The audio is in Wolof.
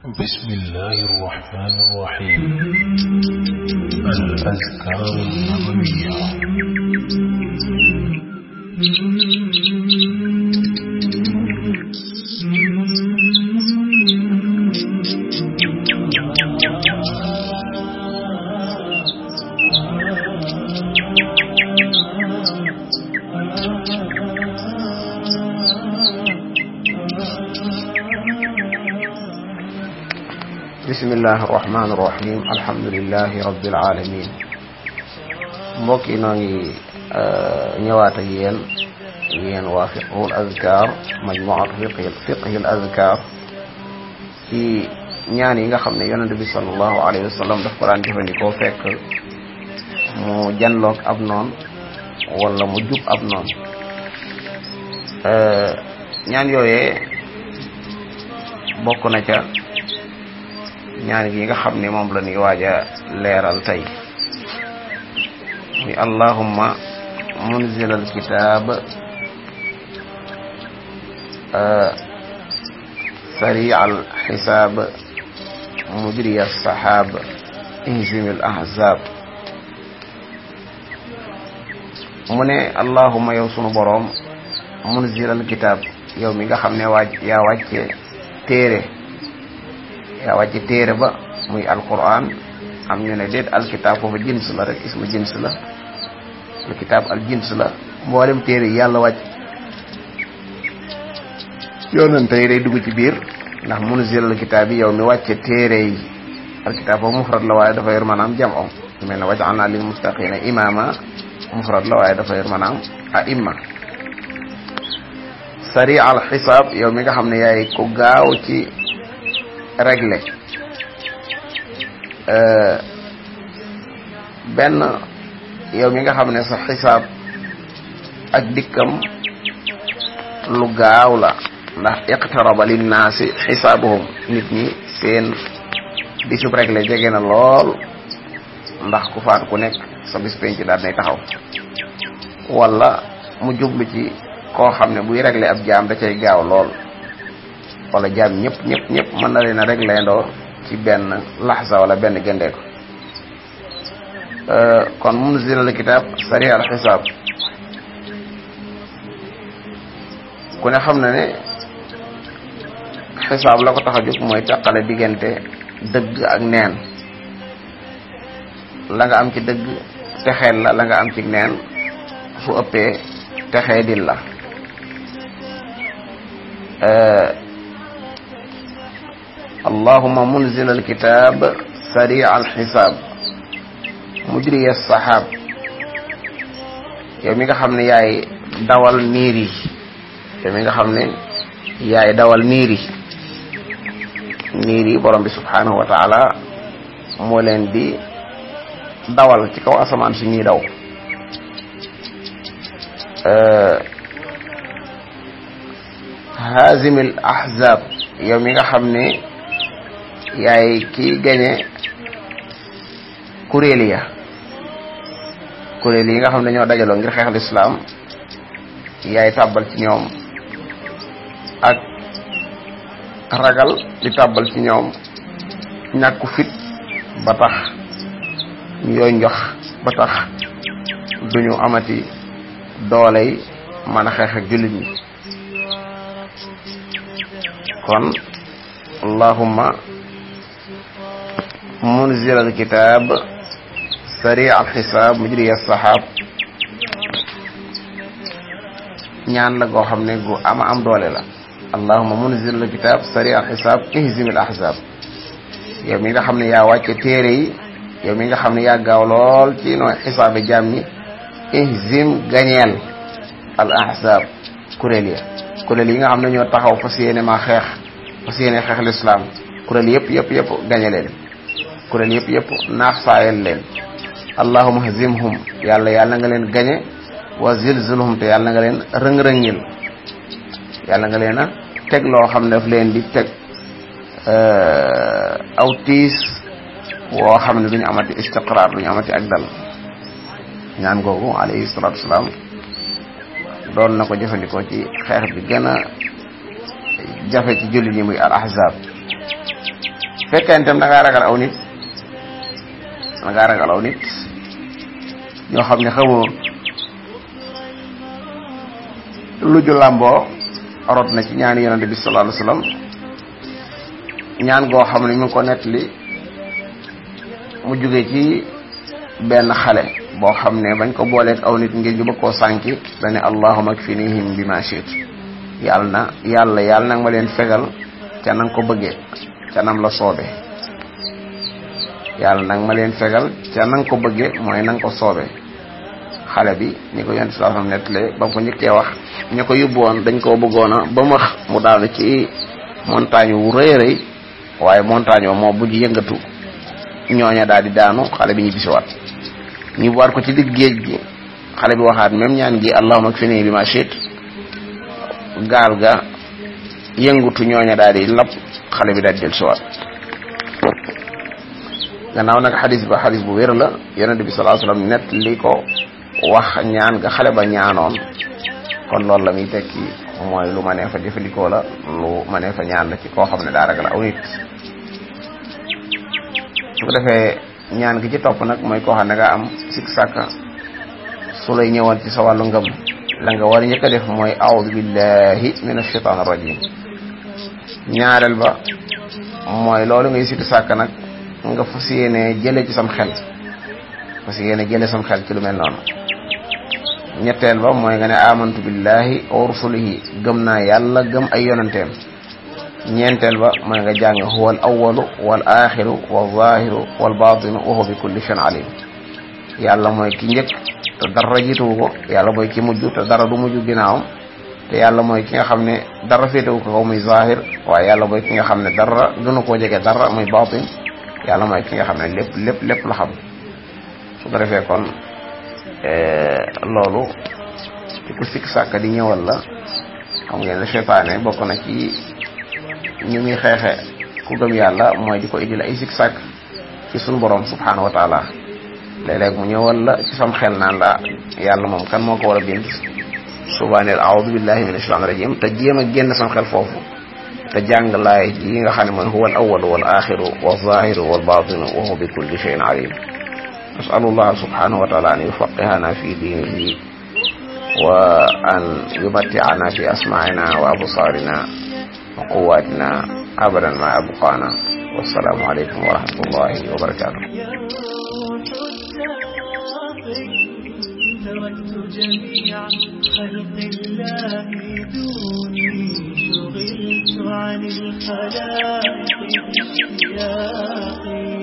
بسم الله الرحمن الرحيم الأذكار النبوية bismillahi irrahmani irrahim alhamdulilahi rabbil alamin mbokk yi noo ngi uh, ñëwaat ak yéen yéen waa fiqhul azkar majmuat fiqhi l azkar yi nga xam ne yonente bi salallahu alayhi wa sallam daf ko daan jëfandikoo fekk mu janloog ab noon wala mu jub ab noon uh, ñaan yooyee bokk na ca ñaan gi nga xam ne moom la ñuy waaj a leeral tey muy allahumma munzil al kitaab sari al xisaab mujri al saxaab injim al mu ne allahumma yow sunu boroom munzil al kitaab yow mi nga xam ne waaj ya wàcce téere wàcc téere ba muy alquran am ñu ne déet alkitab jins la rek ismu jins la alkitab al jins la mboolem téere yi yàlla wàcc yonente yi day ci biir ndax munzil alkitab yi yow mi wàcce téere yi alkitab foofu mufrad la waaye dafa yor maanaam jam om mel ne waj'alna lil mustaqina la waaye dafa yor maanaam a imma sari al xisaab yow ne yaay ko gaaw ci régler euh, benn yow mi nga xam ne sa xisaab ak dikkam lu gaaw la ndax iqtaraba linnaasi xisaabuhum nit ñi seen bisub régler jege na lool ndax ku faat ku nekk sa bis penc daal nay taxaw wala mu jublu ci koo xam ne buy régler ab jaam da cay gaaw lool wala jaam ñépp ñëpp ñëpp mën na leen a rek layndoo ci benn laxsa wala benn gëndee ko euh, kon munzil al kitab sari al xisaab ku ne xam na ne xisaab la ko tax a jóg mooy teqale diggante dëgg ak neen la nga am ci dëgg texeel la la nga am ci neen fu ëppee texee dil la euh, allahuma munzil alkitab sari alxisaab mujri saxaab yow mi nga xam ne yaay dawal niir yi yow mi nga xam ne yaay dawal niir yi niir yi borom bi subhaanahu wa taala moo leen di dawal ci kaw asamaan su ñuy daw haazimil ahzaab yow mi nga xam ne yaay kii gañe kuréel ya kuréel yi nga xam ne ñoo dajaloo ngir xeexal islaam yaay tàbbal ci ñoom ak ragal di tàbbal ci ñoom ñàkku fit ba tax yooy njox ba tax duñu amati doole yi mën a xeex jullit ñi kon allahumma munzil alkitab sari alxisaab mujri saxaab ñaan la goo xam ne gu ama am doole la allahuma munzil alkitab sari alxisaab ihzim al ahzab nga xam ne yaa wàcce téere yi yow mi nga xam ne yaa gaaw lool ci nooy xisaabe jaam ñi ihzim gañeel al ahzab kuréel ya yi nga xam ne ñoo taxaw fas yéene ma xeex fas yéene xeex lislaam kuréel yëpp yëpp yëpp gañe leen kuréel yëpp yëpp naax saayal leen allahuma hazimhum yàlla yàlla nga leen gañe wa zilzilhum te yàlla nga leen rëng-rëngil yàlla nga leen a teg loo xam ne daf leen di teg euh, aw tiis woo xam ne duñu amati istiqraar duñu amati ak dal ñaan googu alayhi salatu doon na ko jëfandikoo ci xeex bi gën jafe ci jullit ñi muy al ahzab fekkee itam da ngaa aw nit da ragal aw nit ñoo xam ne xamoo lu ju làmboo rot na ci ñaani yonente bi sallallahu alayhi ñaan goo xam ne ñu ko nettali mu jóge ci benn xale boo xam ne bañ ko booleeg aw nit ngir ñu bëgg koo sànki dane allahumma kfinihim bima shit yàlla na yàlla yàlla nag ma leen fegal ca nang ko bëggee ca nam la soobee yàlla nag ma leen fegal ca na ko bëggee mooy nanga nga ko soobee xale bi ni ko yonent sallallahu alayhi wasallam nettali ba mu ko njëkkee wax ñu ko yóbboon dañ koo bëggoon a ba max mu daanu ci montagne wu rëy rëy waaye montagne wa moo buj yëngatu ñooña daal di daanu xale bi ñu bisiwaat ñu war ko ci digg géej gi xale bi waxaat même ñaan gi allahumma kfini bi ma shit gaal ga yëngatu ñooña daal di lab xale bi daal di dellusiwaat gannaaw nag xadis ba xadis bu wér la yonente bi sallallahu alayhi wasallam net li ko wax ñaan ga xale ba ñaanoon kon loolu la muy tekki mooy lu ma nee fa jëfandikoo la lu ma nee ñaan la ci koo xam ne daa ragal aw nit su ko ñaan gi ci topp nag mooy koo xam ne nga am sik sàkka su lay ñëwoon ci sa wàllu la nga war a njëkk a def mooy a'udhu billahi minash shaitanir rajim ñaareel ba mooy loolu ngay sikk sàkk nag nga fas yéene jële ci sam xel fas yéene jële sam ci lu mel noonu ñetteel ba mooy nga ne amantu billahi wa rusulihi gëm naa yàlla gëm ay yonanteem ñeenteel ba mooy nga jàng huwa al awalu wal axiru wal zahiru wal batinu wa huwa kulli shan alim yàlla mooy ki njëkk te dara jiituwu ko yàlla mooy ki mujj te dara du mujj ginnaawam te yàlla mooy ki nga xam ne dara féetewu ko kaw muy zahir waaye yàlla mooy ki nga xam ne dara gënu koo jege dara muy batin yàlla mooy ki nga xam ne lépp lépp lépp la xam su ko eh, loolu kon loolu di ko sikk sàkk di ñëwal la xam ngeen ne seytaane bokk na ci ñu muy xeexe ku gëm yàlla mooy di ko indil ay sikk sàkk ci suñu borom subhanahu wa taala léeg-léeg mu ñëwal la ci sam xel naan la yàlla moom kan moo ko war a bind subhanel aoudu billahi min ashaitan rajim te jéem a génn sam xel foofu te jàng laay ji nga xam ne mooy huwa al awal wal axiru wa zahiru wal batinu wa huwa bi kulli shay'in alim nasalullah subhanahu wa taala an yufaqihana fi diinihi wa an yumatti'ana fi asma'ina wa absarina wa quwwatina abadan ma abqana wassalaamu aleykum wa rahmatullahi wa barakatuh عن الخلائق في سياقي